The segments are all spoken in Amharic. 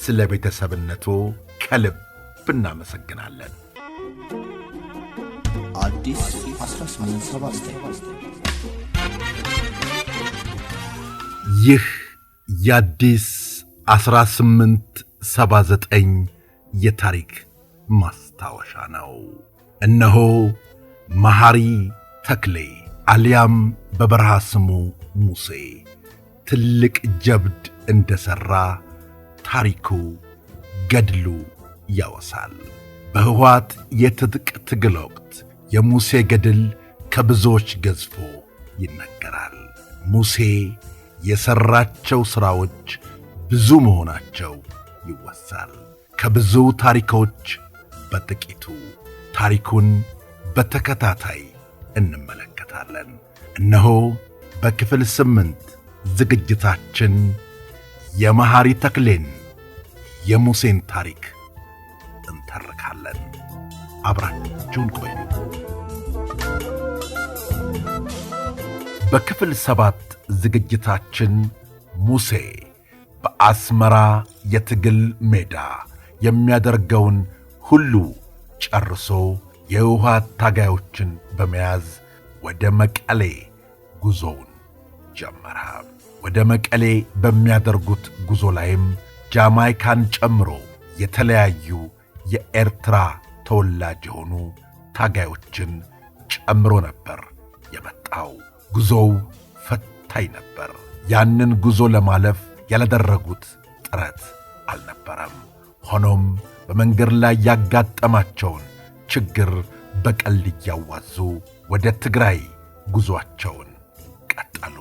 ስለ ቤተሰብነቱ ከልብ እናመሰግናለን። ይህ የአዲስ 1879 የታሪክ ማስታወሻ ነው። እነሆ መሐሪ ተክሌ አሊያም በበረሃ ስሙ ሙሴ ትልቅ ጀብድ እንደሠራ ታሪኩ ገድሉ ያወሳል። በህወሓት የትጥቅ ትግል ወቅት የሙሴ ገድል ከብዙዎች ገዝፎ ይነገራል። ሙሴ የሠራቸው ሥራዎች ብዙ መሆናቸው ይወሳል። ከብዙ ታሪኮች በጥቂቱ ታሪኩን በተከታታይ እንመለከታለን። እነሆ በክፍል ስምንት ዝግጅታችን የመሐሪ ተክሌን የሙሴን ታሪክ እንተርካለን። አብራችሁን ቆዩ። በክፍል ሰባት ዝግጅታችን ሙሴ በአስመራ የትግል ሜዳ የሚያደርገውን ሁሉ ጨርሶ የውሃ ታጋዮችን በመያዝ ወደ መቀሌ ጉዞውን ጀመረ። ወደ መቀሌ በሚያደርጉት ጉዞ ላይም ጃማይካን ጨምሮ የተለያዩ የኤርትራ ተወላጅ የሆኑ ታጋዮችን ጨምሮ ነበር የመጣው። ጉዞው ፈታኝ ነበር። ያንን ጉዞ ለማለፍ ያላደረጉት ጥረት አልነበረም። ሆኖም በመንገድ ላይ ያጋጠማቸውን ችግር በቀል እያዋዙ ወደ ትግራይ ጉዞአቸውን ቀጠሉ።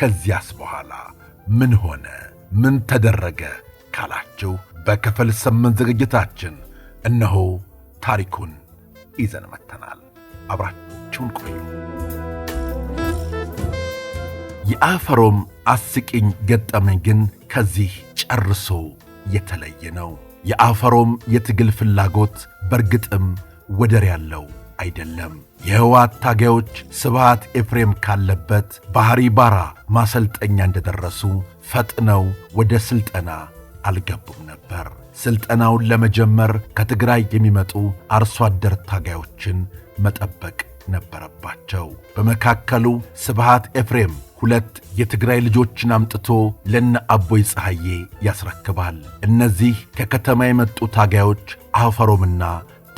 ከዚያስ በኋላ ምን ሆነ? ምን ተደረገ ካላችሁ በክፍል ስምንት ዝግጅታችን እነሆ ታሪኩን ይዘን መጥተናል። አብራችሁን ቆዩ። የአፈሮም አስቂኝ ገጠመኝ ግን ከዚህ ጨርሶ የተለየ ነው። የአፈሮም የትግል ፍላጎት በእርግጥም ወደር ያለው አይደለም። የሕወሓት ታጋዮች ስብሃት ኤፍሬም ካለበት ባህሪ ባራ ማሰልጠኛ እንደደረሱ ፈጥነው ወደ ሥልጠና አልገቡም ነበር። ሥልጠናውን ለመጀመር ከትግራይ የሚመጡ አርሶ አደር ታጋዮችን መጠበቅ ነበረባቸው። በመካከሉ ስብሃት ኤፍሬም ሁለት የትግራይ ልጆችን አምጥቶ ለነ አቦይ ፀሐዬ ያስረክባል። እነዚህ ከከተማ የመጡ ታጋዮች አፈሮምና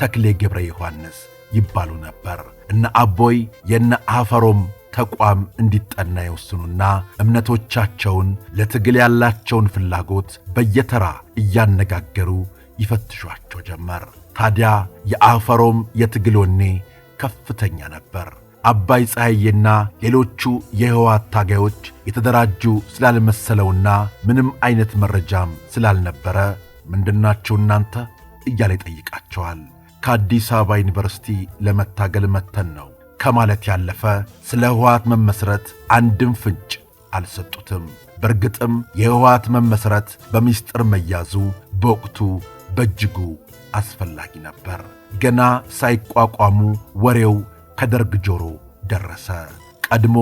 ተክሌ ገብረ ዮሐንስ ይባሉ ነበር። እነ አቦይ የነ አፈሮም ተቋም እንዲጠና ይወስኑና እምነቶቻቸውን ለትግል ያላቸውን ፍላጎት በየተራ እያነጋገሩ ይፈትሿቸው ጀመር። ታዲያ የአፈሮም የትግል ወኔ ከፍተኛ ነበር። አባይ ፀሐዬና ሌሎቹ የሕወሓት ታጋዮች የተደራጁ ስላልመሰለውና ምንም አይነት መረጃም ስላልነበረ ምንድናችሁ እናንተ እያለ ይጠይቃቸዋል። ከአዲስ አበባ ዩኒቨርሲቲ ለመታገል መተን ነው ከማለት ያለፈ ስለ ሕወሓት መመስረት አንድም ፍንጭ አልሰጡትም። በእርግጥም የሕወሓት መመስረት በምስጢር መያዙ በወቅቱ በእጅጉ አስፈላጊ ነበር። ገና ሳይቋቋሙ ወሬው ከደርግ ጆሮ ደረሰ። ቀድሞ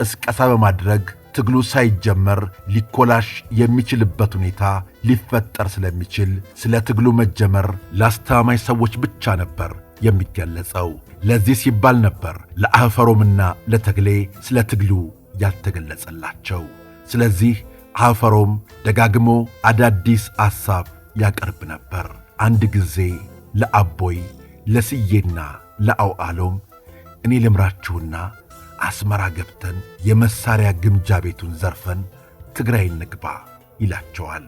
ቅስቀሳ በማድረግ ትግሉ ሳይጀመር ሊኮላሽ የሚችልበት ሁኔታ ሊፈጠር ስለሚችል ስለ ትግሉ መጀመር ለአስተማማኝ ሰዎች ብቻ ነበር የሚገለጸው። ለዚህ ሲባል ነበር ለአፈሮምና ለተግሌ ስለ ትግሉ ያልተገለጸላቸው። ስለዚህ አፈሮም ደጋግሞ አዳዲስ ሐሳብ ያቀርብ ነበር። አንድ ጊዜ ለአቦይ ለስዬና ለአውዓሎም እኔ ልምራችሁና አስመራ ገብተን የመሳሪያ ግምጃ ቤቱን ዘርፈን ትግራይ ንግባ ይላቸዋል።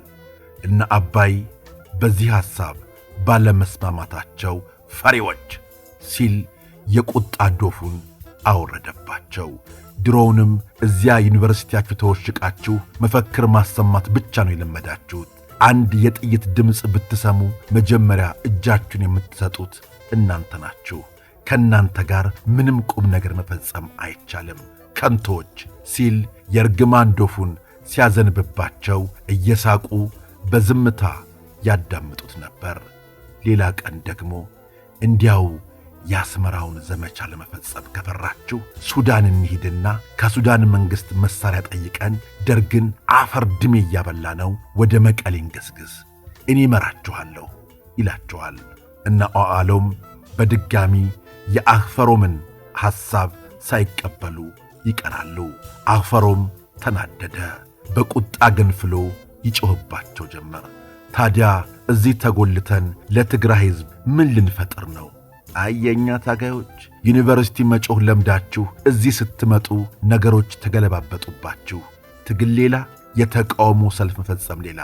እነ አባይ በዚህ ሐሳብ ባለመስማማታቸው ፈሪዎች ሲል የቁጣ ዶፉን አወረደባቸው። ድሮውንም እዚያ ዩኒቨርሲቲያችሁ ተወሽቃችሁ መፈክር ማሰማት ብቻ ነው የለመዳችሁት። አንድ የጥይት ድምፅ ብትሰሙ መጀመሪያ እጃችሁን የምትሰጡት እናንተ ናችሁ። ከእናንተ ጋር ምንም ቁም ነገር መፈጸም አይቻልም፣ ከንቶች ሲል የእርግማን ዶፉን ሲያዘንብባቸው እየሳቁ በዝምታ ያዳምጡት ነበር። ሌላ ቀን ደግሞ እንዲያው የአስመራውን ዘመቻ ለመፈጸም ከፈራችሁ ሱዳን እንሂድና ከሱዳን መንግሥት መሣሪያ ጠይቀን ደርግን አፈር ድሜ እያበላ ነው ወደ መቀሌ እንገስግስ፣ እኔ እመራችኋለሁ ይላችኋል። እና ኦአሎም በድጋሚ የአፈሮምን ሐሳብ ሳይቀበሉ ይቀራሉ። አፈሮም ተናደደ፣ በቁጣ ገንፍሎ ይጮህባቸው ጀመር። ታዲያ እዚህ ተጎልተን ለትግራይ ሕዝብ ምን ልንፈጥር ነው? አየኛ ታጋዮች ዩኒቨርሲቲ መጮህ ለምዳችሁ እዚህ ስትመጡ ነገሮች ተገለባበጡባችሁ። ትግል ሌላ፣ የተቃውሞ ሰልፍ መፈጸም ሌላ።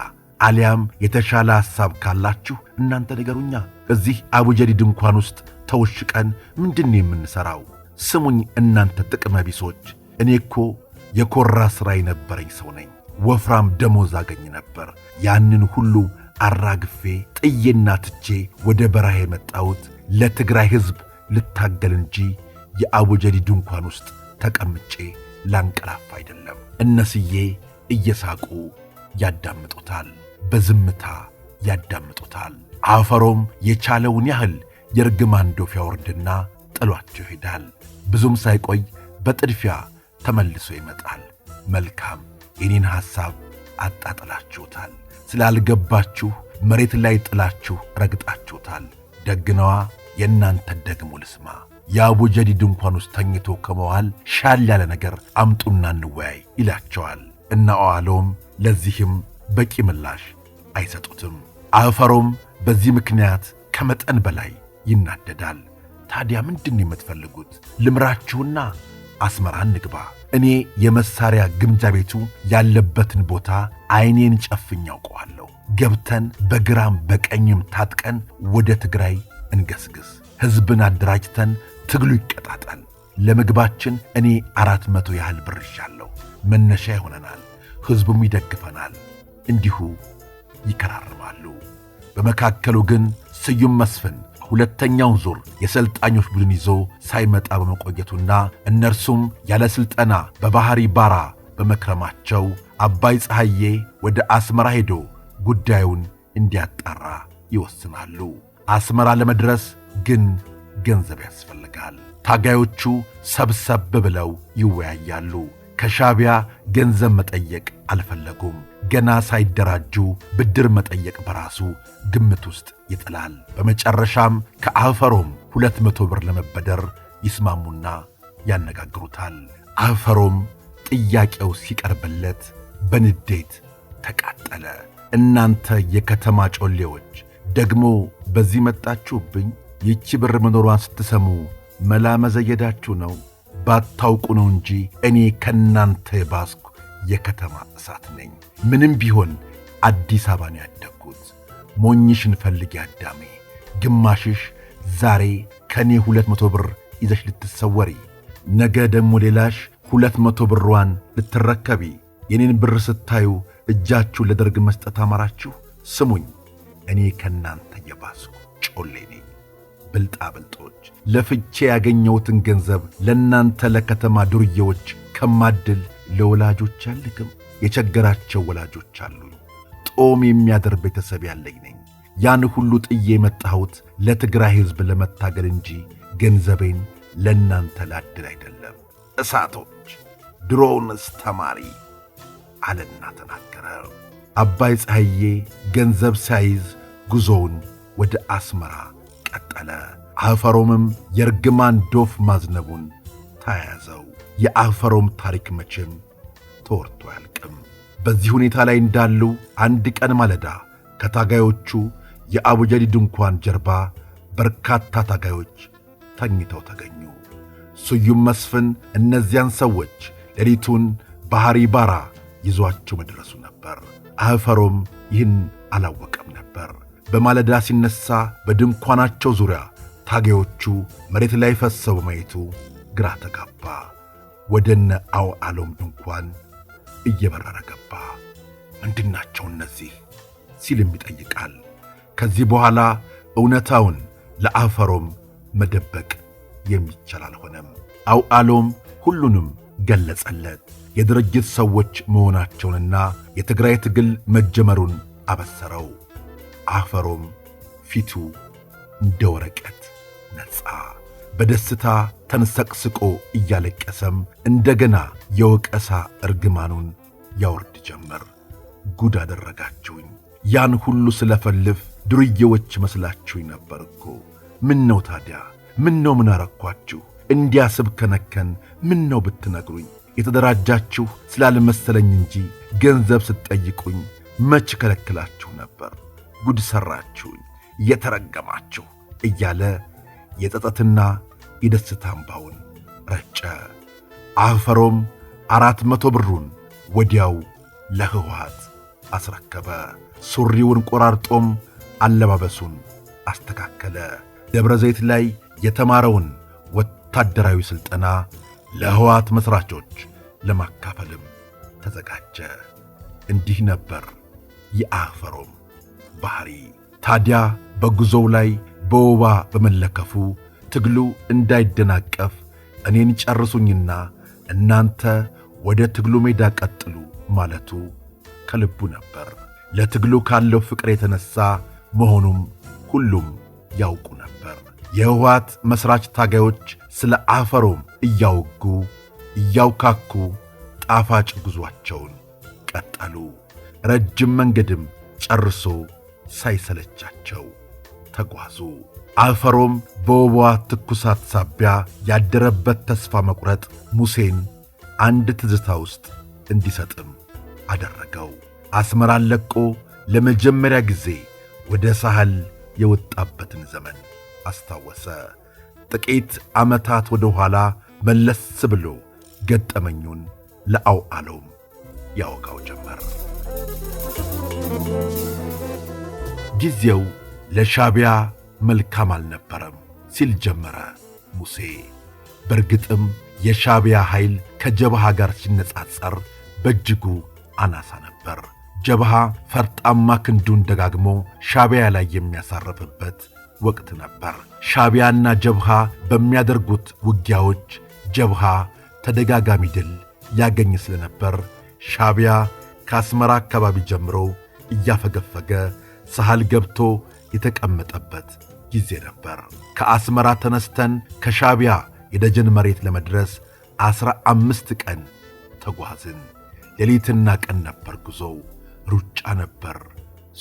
አሊያም የተሻለ ሐሳብ ካላችሁ እናንተ ንገሩኛ። እዚህ አቡጀዲ ድንኳን ውስጥ ተውሽቀን ምንድን የምንሠራው? ስሙኝ እናንተ ጥቅመ ቢሶች፣ እኔ እኮ የኮራ ሥራ የነበረኝ ሰው ነኝ። ወፍራም ደሞዝ አገኝ ነበር። ያንን ሁሉ አራግፌ ጥዬና ትቼ ወደ በረሃ የመጣሁት ለትግራይ ሕዝብ ልታገል እንጂ የአቡጀዲ ድንኳን ውስጥ ተቀምጬ ላንቀላፍ አይደለም። እነስዬ እየሳቁ ያዳምጡታል፣ በዝምታ ያዳምጡታል። አፈሮም የቻለውን ያህል የእርግማን ዶፍ ያወርድና ጥሏቸው ይሄዳል። ብዙም ሳይቆይ በጥድፊያ ተመልሶ ይመጣል። መልካም የኔን ሐሳብ አጣጥላችሁታል። ስላልገባችሁ መሬት ላይ ጥላችሁ ረግጣችሁታል። ደግነዋ የእናንተን ደግሞ ልስማ። የአቡጀዲ ድንኳን ውስጥ ተኝቶ ከመዋል ሻል ያለ ነገር አምጡና እንወያይ ይላቸዋል። እና ኦዋሎም ለዚህም በቂ ምላሽ አይሰጡትም። አፈሮም በዚህ ምክንያት ከመጠን በላይ ይናደዳል። ታዲያ ምንድን የምትፈልጉት? ልምራችሁና አስመራ እንግባ እኔ የመሳሪያ ግምጃ ቤቱ ያለበትን ቦታ ዐይኔን ጨፍኝ ያውቀዋለሁ። ገብተን በግራም በቀኝም ታጥቀን ወደ ትግራይ እንገስግስ። ሕዝብን አደራጅተን ትግሉ ይቀጣጣል። ለምግባችን እኔ አራት መቶ ያህል ብር ይሻለሁ። መነሻ ይሆነናል። ሕዝቡም ይደግፈናል። እንዲሁ ይከራርማሉ። በመካከሉ ግን ስዩም መስፍን ሁለተኛውን ዙር የሰልጣኞች ቡድን ይዞ ሳይመጣ በመቆየቱና እነርሱም ያለ ሥልጠና በባሕሪ ባራ በመክረማቸው አባይ ፀሐዬ ወደ አስመራ ሄዶ ጉዳዩን እንዲያጣራ ይወስናሉ። አስመራ ለመድረስ ግን ገንዘብ ያስፈልጋል። ታጋዮቹ ሰብሰብ ብለው ይወያያሉ። ከሻቢያ ገንዘብ መጠየቅ አልፈለጉም። ገና ሳይደራጁ ብድር መጠየቅ በራሱ ግምት ውስጥ ይጥላል። በመጨረሻም ከአፈሮም ሁለት መቶ ብር ለመበደር ይስማሙና ያነጋግሩታል። አፈሮም ጥያቄው ሲቀርብለት በንዴት ተቃጠለ። እናንተ የከተማ ጮሌዎች ደግሞ በዚህ መጣችሁብኝ? ይቺ ብር መኖሯን ስትሰሙ መላ መዘየዳችሁ ነው ባታውቁ ነው እንጂ እኔ ከእናንተ የባስኩ የከተማ እሳት ነኝ። ምንም ቢሆን አዲስ አበባ ነው ያደግኩት። ሞኝሽን ፈልጊ አዳሜ፣ ግማሽሽ ዛሬ ከእኔ ሁለት መቶ ብር ይዘሽ ልትሰወሪ፣ ነገ ደግሞ ሌላሽ ሁለት መቶ ብሯን ልትረከቢ። የኔን ብር ስታዩ እጃችሁ ለደርግ መስጠት አማራችሁ? ስሙኝ፣ እኔ ከእናንተ የባስኩ ጮሌ ነኝ። ብልጣብልጦች ለፍቼ ያገኘሁትን ገንዘብ ለእናንተ ለከተማ ዱርዬዎች ከማድል ለወላጆች አልክም። የቸገራቸው ወላጆች አሉኝ። ጦም የሚያደር ቤተሰብ ያለኝ ነኝ። ያን ሁሉ ጥዬ የመጣሁት ለትግራይ ሕዝብ ለመታገል እንጂ ገንዘቤን ለእናንተ ላድል አይደለም። እሳቶች ድሮውንስ ተማሪ አለና ተናገረ። አባይ ፀሐዬ ገንዘብ ሳይዝ ጉዞውን ወደ አስመራ ቀጠለ። አህፈሮምም የርግማን ዶፍ ማዝነቡን ተያያዘው። የአህፈሮም ታሪክ መቼም ተወርቶ አያልቅም። በዚህ ሁኔታ ላይ እንዳሉ አንድ ቀን ማለዳ ከታጋዮቹ የአቡጀዲ ድንኳን ጀርባ በርካታ ታጋዮች ተኝተው ተገኙ። ስዩም መስፍን እነዚያን ሰዎች ሌሊቱን ባህሪ ባራ ይዟቸው መድረሱ ነበር። አህፈሮም ይህን አላወቀም ነበር። በማለዳ ሲነሳ በድንኳናቸው ዙሪያ ታጋዮቹ መሬት ላይ ፈሰው በማየቱ ግራ ተጋባ። ወደነ አው አሎም ድንኳን እየበረረ ገባ። ምንድናቸው እነዚህ ሲልም ይጠይቃል። ከዚህ በኋላ እውነታውን ለአፈሮም መደበቅ የሚቻል አልሆነም። አው አሎም ሁሉንም ገለጸለት። የድርጅት ሰዎች መሆናቸውንና የትግራይ ትግል መጀመሩን አበሰረው። አፈሮም ፊቱ እንደ ወረቀት ነጻ። በደስታ ተንሰቅስቆ እያለቀሰም እንደገና የወቀሳ እርግማኑን ያወርድ ጀመር። ጉድ አደረጋችሁኝ! ያን ሁሉ ስለፈልፍ ዱርዬዎች መስላችሁኝ ነበር እኮ። ምን ነው ታዲያ? ምን ነው ምን አረኳችሁ? እንዲያስብ ከነከን ምን ነው ብትነግሩኝ። የተደራጃችሁ ስላልመሰለኝ እንጂ ገንዘብ ስትጠይቁኝ መች ከለክላችሁ ነበር? ጉድ ሠራችሁኝ እየተረገማችሁ እያለ የጸጸትና የደስታ አምባውን ረጨ። አፈሮም አራት መቶ ብሩን ወዲያው ለህወሓት አስረከበ። ሱሪውን ቆራርጦም አለባበሱን አስተካከለ። ደብረ ዘይት ላይ የተማረውን ወታደራዊ ሥልጠና ለህወሓት መሥራቾች ለማካፈልም ተዘጋጀ። እንዲህ ነበር የአፈሮም ባህሪ። ታዲያ በጉዞው ላይ በወባ በመለከፉ ትግሉ እንዳይደናቀፍ እኔን ጨርሱኝና እናንተ ወደ ትግሉ ሜዳ ቀጥሉ ማለቱ ከልቡ ነበር። ለትግሉ ካለው ፍቅር የተነሳ መሆኑም ሁሉም ያውቁ ነበር። የህወሓት መሥራች ታጋዮች ስለ አፈሮም እያወጉ እያውካኩ ጣፋጭ ጉዟቸውን ቀጠሉ። ረጅም መንገድም ጨርሶ ሳይሰለቻቸው ተጓዙ። አፈሮም በወቧ ትኩሳት ሳቢያ ያደረበት ተስፋ መቁረጥ ሙሴን አንድ ትዝታ ውስጥ እንዲሰጥም አደረገው። አስመራን ለቆ ለመጀመሪያ ጊዜ ወደ ሳህል የወጣበትን ዘመን አስታወሰ። ጥቂት ዓመታት ወደ ኋላ መለስ ብሎ ገጠመኙን ለአውዓሎም ያወጋው ጀመር። ጊዜው ለሻቢያ መልካም አልነበረም ሲል ጀመረ ሙሴ። በእርግጥም የሻቢያ ኃይል ከጀብሃ ጋር ሲነጻጸር በእጅጉ አናሳ ነበር። ጀብሃ ፈርጣማ ክንዱን ደጋግሞ ሻቢያ ላይ የሚያሳርፍበት ወቅት ነበር። ሻቢያና ጀብሃ በሚያደርጉት ውጊያዎች ጀብሃ ተደጋጋሚ ድል ያገኝ ስለነበር ሻቢያ ከአስመራ አካባቢ ጀምሮ እያፈገፈገ ሳህል ገብቶ የተቀመጠበት ጊዜ ነበር። ከአስመራ ተነስተን ከሻቢያ የደጀን መሬት ለመድረስ ዐሥራ አምስት ቀን ተጓዝን። ሌሊትና ቀን ነበር ጉዞው። ሩጫ ነበር፣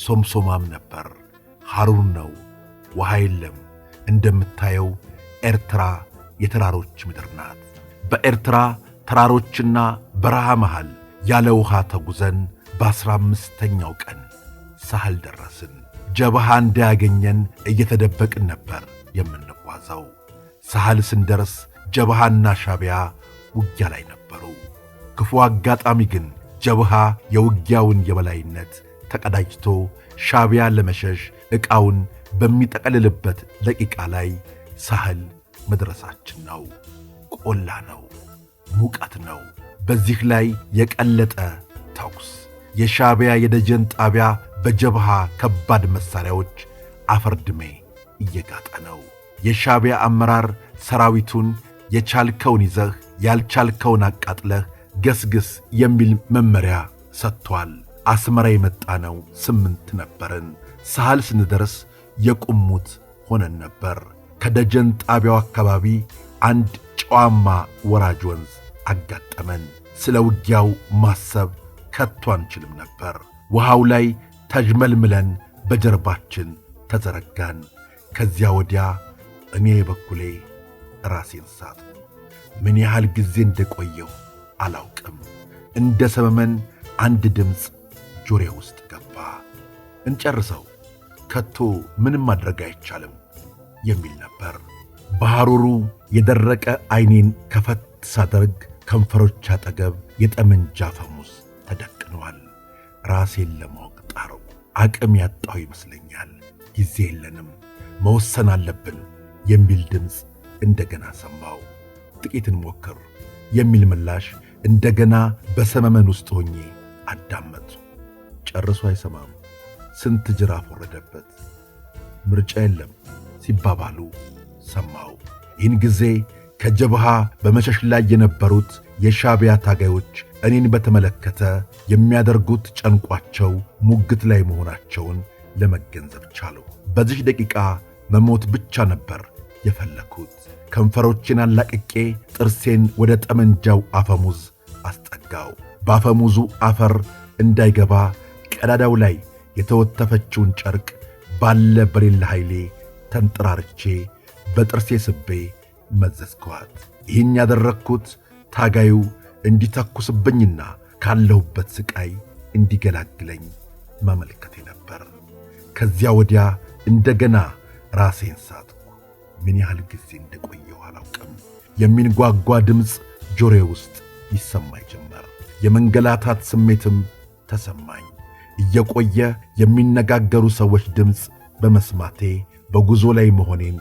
ሶምሶማም ነበር፣ ሐሩን ነው፣ ውሃ የለም። እንደምታየው ኤርትራ የተራሮች ምድር ናት። በኤርትራ ተራሮችና በረሃ መሃል ያለ ውሃ ተጉዘን በዐሥራ አምስተኛው ቀን ሳህል ደረስን። ጀብሃ እንዳያገኘን እየተደበቅን ነበር የምንጓዘው። ሳህል ስንደርስ ጀብሃና ሻቢያ ውጊያ ላይ ነበሩ። ክፉ አጋጣሚ ግን ጀብሃ የውጊያውን የበላይነት ተቀዳጅቶ ሻቢያ ለመሸሽ ዕቃውን በሚጠቀልልበት ደቂቃ ላይ ሳህል መድረሳችን ነው። ቆላ ነው፣ ሙቀት ነው። በዚህ ላይ የቀለጠ ተኩስ የሻቢያ የደጀን ጣቢያ በጀብሃ ከባድ መሣሪያዎች አፈርድሜ እየጋጠ ነው። የሻቢያ አመራር ሰራዊቱን የቻልከውን ይዘህ ያልቻልከውን አቃጥለህ ገስግስ የሚል መመሪያ ሰጥቷል። አስመራ የመጣ ነው ስምንት ነበርን። ሳህል ስንደርስ የቁሙት ሆነን ነበር። ከደጀን ጣቢያው አካባቢ አንድ ጨዋማ ወራጅ ወንዝ አጋጠመን። ስለ ውጊያው ማሰብ ከቶ አንችልም ነበር። ውሃው ላይ ተጅመልምለን በጀርባችን ተዘረጋን። ከዚያ ወዲያ እኔ በኩሌ ራሴን ሳት ምን ያህል ጊዜ እንደቆየሁ አላውቅም። እንደ ሰመመን አንድ ድምፅ ጆሬ ውስጥ ገባ። እንጨርሰው፣ ከቶ ምንም ማድረግ አይቻልም የሚል ነበር። በሐሩሩ የደረቀ ዐይኔን ከፈት ሳደርግ ከንፈሮች አጠገብ የጠመንጃ ፈሙዝ ሆኗል። ራሴን ለማወቅ ጣረው አቅም ያጣው ይመስለኛል። ጊዜ የለንም፣ መወሰን አለብን የሚል ድምፅ እንደገና ሰማው። ጥቂትን ሞክር? የሚል ምላሽ እንደገና በሰመመን ውስጥ ሆኜ አዳመጡ። ጨርሶ አይሰማም። ስንት ጅራፍ ወረደበት። ምርጫ የለም ሲባባሉ ሰማው። ይህን ጊዜ ከጀብሃ በመሸሽ ላይ የነበሩት የሻቢያ ታጋዮች እኔን በተመለከተ የሚያደርጉት ጨንቋቸው ሙግት ላይ መሆናቸውን ለመገንዘብ ቻለሁ። በዚህ ደቂቃ መሞት ብቻ ነበር የፈለኩት። ከንፈሮቼን አላቅቄ ጥርሴን ወደ ጠመንጃው አፈሙዝ አስጠጋው። በአፈሙዙ አፈር እንዳይገባ ቀዳዳው ላይ የተወተፈችውን ጨርቅ ባለ በሌለ ኃይሌ ተንጠራርቼ በጥርሴ ስቤ መዘዝከዋት። ይህን ያደረግኩት ታጋዩ እንዲተኩስብኝና ካለሁበት ሥቃይ እንዲገላግለኝ መመልከቴ ነበር። ከዚያ ወዲያ እንደገና ራሴን ሳትኩ። ምን ያህል ጊዜ እንደቆየሁ አላውቅም። የሚንጓጓ ድምፅ ጆሮዬ ውስጥ ይሰማኝ ጀመር። የመንገላታት ስሜትም ተሰማኝ። እየቆየ የሚነጋገሩ ሰዎች ድምፅ በመስማቴ በጉዞ ላይ መሆኔን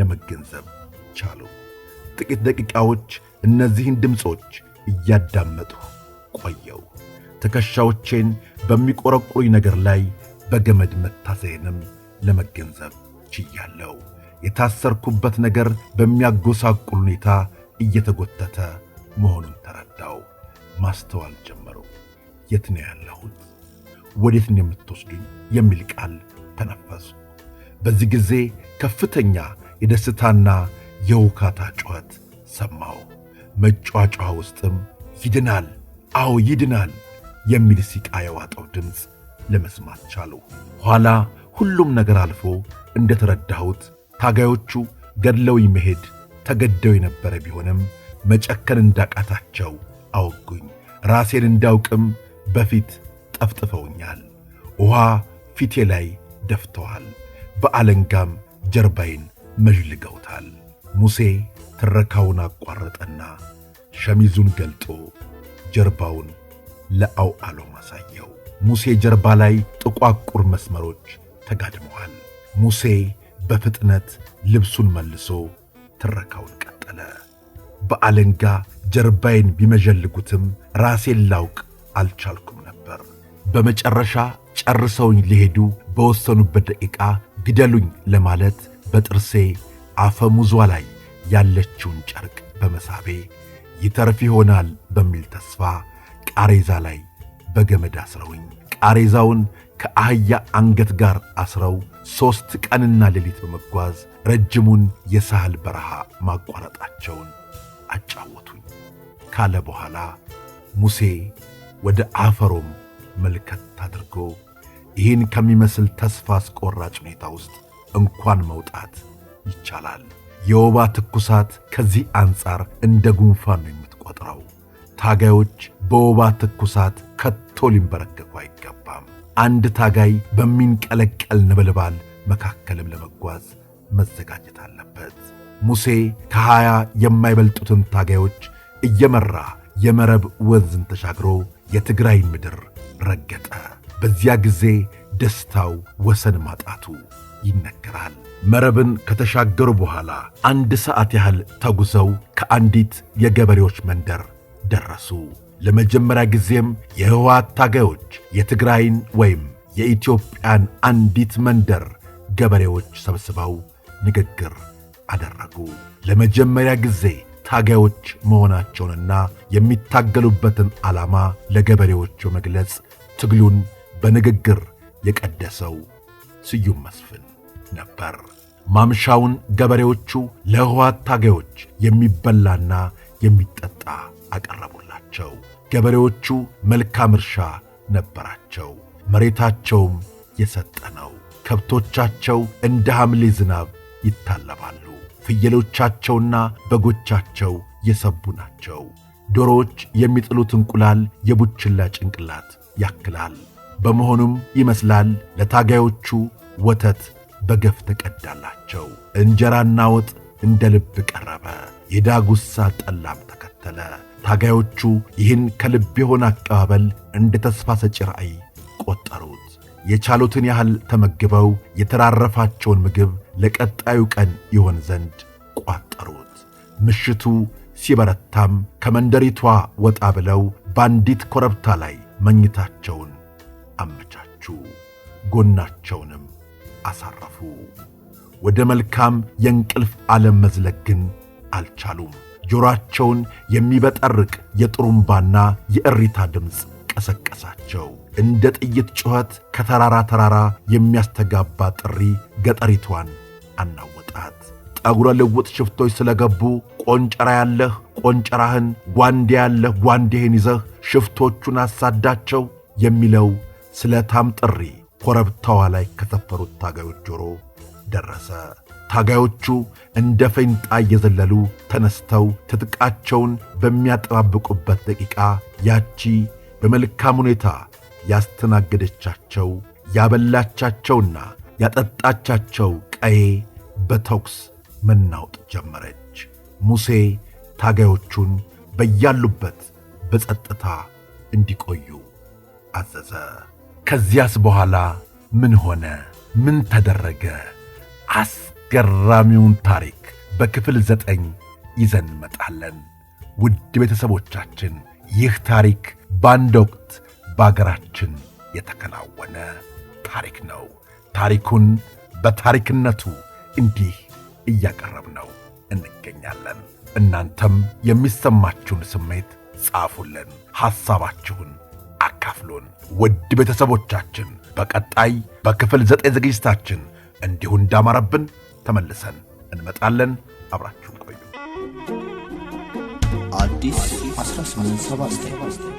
ለመገንዘብ ቻሉ። ጥቂት ደቂቃዎች እነዚህን ድምፆች እያዳመጥሁ ቆየው። ትከሻዎቼን በሚቆረቁሩኝ ነገር ላይ በገመድ መታሰሬንም ለመገንዘብ ችያለሁ። የታሰርኩበት ነገር በሚያጎሳቁል ሁኔታ እየተጎተተ መሆኑን ተረዳው። ማስተዋል ጀመሩ። የት ነው ያለሁት? ወዴት ነው የምትወስዱኝ? የሚል ቃል ተነፈሱ። በዚህ ጊዜ ከፍተኛ የደስታና የውካታ ጩኸት ሰማሁ። መጫጫ ውስጥም ይድናል፣ አዎ ይድናል የሚል ሲቃ የዋጠው ድምፅ ለመስማት ቻሉ። ኋላ ሁሉም ነገር አልፎ እንደተረዳሁት ታጋዮቹ ገድለው መሄድ ተገደው የነበረ ቢሆንም መጨከን እንዳቃታቸው አወጉኝ። ራሴን እንዳውቅም በፊት ጠፍጥፈውኛል። ውሃ ፊቴ ላይ ደፍተዋል። በአለንጋም ጀርባዬን መዥልገውታል። ሙሴ ትረካውን አቋረጠና ሸሚዙን ገልጦ ጀርባውን ለአውአሎ አሳየው። ሙሴ ጀርባ ላይ ጥቋቁር መስመሮች ተጋድመዋል። ሙሴ በፍጥነት ልብሱን መልሶ ትረካውን ቀጠለ። በአለንጋ ጀርባዬን ቢመዠልጉትም ራሴን ላውቅ አልቻልኩም ነበር። በመጨረሻ ጨርሰውኝ ሊሄዱ በወሰኑበት ደቂቃ ግደሉኝ ለማለት በጥርሴ አፈሙዟ ላይ ያለችውን ጨርቅ በመሳቤ ይተርፍ ይሆናል በሚል ተስፋ ቃሬዛ ላይ በገመድ አስረውኝ ቃሬዛውን ከአህያ አንገት ጋር አስረው ሦስት ቀንና ሌሊት በመጓዝ ረጅሙን የሳህል በረሃ ማቋረጣቸውን አጫወቱኝ ካለ በኋላ ሙሴ ወደ አፈሮም መልከት አድርጎ ይህን ከሚመስል ተስፋ አስቆራጭ ሁኔታ ውስጥ እንኳን መውጣት ይቻላል የወባ ትኩሳት ከዚህ አንጻር እንደ ጉንፋን ነው የምትቆጥረው። ታጋዮች በወባ ትኩሳት ከቶ ሊንበረከኩ አይገባም። አንድ ታጋይ በሚንቀለቀል ነበልባል መካከልም ለመጓዝ መዘጋጀት አለበት። ሙሴ ከሀያ የማይበልጡትን ታጋዮች እየመራ የመረብ ወንዝን ተሻግሮ የትግራይ ምድር ረገጠ። በዚያ ጊዜ ደስታው ወሰን ማጣቱ ይነገራል። መረብን ከተሻገሩ በኋላ አንድ ሰዓት ያህል ተጉዘው ከአንዲት የገበሬዎች መንደር ደረሱ። ለመጀመሪያ ጊዜም የህወሓት ታጋዮች የትግራይን ወይም የኢትዮጵያን አንዲት መንደር ገበሬዎች ሰብስበው ንግግር አደረጉ። ለመጀመሪያ ጊዜ ታጋዮች መሆናቸውንና የሚታገሉበትን ዓላማ ለገበሬዎቹ መግለጽ ትግሉን በንግግር የቀደሰው ስዩም መስፍን ነበር። ማምሻውን ገበሬዎቹ ለሕወሓት ታጋዮች የሚበላና የሚጠጣ አቀረቡላቸው። ገበሬዎቹ መልካም እርሻ ነበራቸው፣ መሬታቸውም የሰጠ ነው። ከብቶቻቸው እንደ ሐምሌ ዝናብ ይታለባሉ። ፍየሎቻቸውና በጎቻቸው የሰቡ ናቸው። ዶሮዎች የሚጥሉት እንቁላል የቡችላ ጭንቅላት ያክላል። በመሆኑም ይመስላል ለታጋዮቹ ወተት በገፍ ተቀዳላቸው። እንጀራና ወጥ እንደ ልብ ቀረበ። የዳጉሳ ጠላም ተከተለ። ታጋዮቹ ይህን ከልብ የሆነ አቀባበል እንደ ተስፋ ሰጪ ራእይ ቆጠሩት። የቻሉትን ያህል ተመግበው የተራረፋቸውን ምግብ ለቀጣዩ ቀን ይሆን ዘንድ ቋጠሩት። ምሽቱ ሲበረታም ከመንደሪቷ ወጣ ብለው በአንዲት ኮረብታ ላይ መኝታቸውን አመቻቹ። ጎናቸውንም አሳረፉ። ወደ መልካም የእንቅልፍ ዓለም መዝለቅ ግን አልቻሉም። ጆሮአቸውን የሚበጠርቅ የጥሩምባና የእሪታ ድምፅ ቀሰቀሳቸው። እንደ ጥይት ጩኸት ከተራራ ተራራ የሚያስተጋባ ጥሪ ገጠሪቷን አናወጣት። ጠጉረ ልውጥ ሽፍቶች ስለገቡ ቆንጨራ ያለህ ቆንጨራህን፣ ጓንዴ ያለህ ጓንዴህን ይዘህ ሽፍቶቹን አሳዳቸው የሚለው ስለታም ጥሪ ኮረብታዋ ላይ ከሰፈሩት ታጋዮች ጆሮ ደረሰ። ታጋዮቹ እንደ ፌንጣ እየዘለሉ ተነስተው ትጥቃቸውን በሚያጠባብቁበት ደቂቃ ያቺ በመልካም ሁኔታ ያስተናገደቻቸው ያበላቻቸውና ያጠጣቻቸው ቀዬ በተኩስ መናወጥ ጀመረች። ሙሴ ታጋዮቹን በያሉበት በጸጥታ እንዲቆዩ አዘዘ። ከዚያስ በኋላ ምን ሆነ? ምን ተደረገ? አስገራሚውን ታሪክ በክፍል ዘጠኝ ይዘን እንመጣለን። ውድ ቤተሰቦቻችን ይህ ታሪክ በአንድ ወቅት በአገራችን የተከናወነ ታሪክ ነው። ታሪኩን በታሪክነቱ እንዲህ እያቀረብነው እንገኛለን። እናንተም የሚሰማችሁን ስሜት ጻፉልን፣ ሐሳባችሁን አካፍሉን። ውድ ቤተሰቦቻችን በቀጣይ በክፍል ዘጠኝ ዝግጅታችን እንዲሁ እንዳማረብን ተመልሰን እንመጣለን። አብራችሁን ቆዩ። አዲስ 1879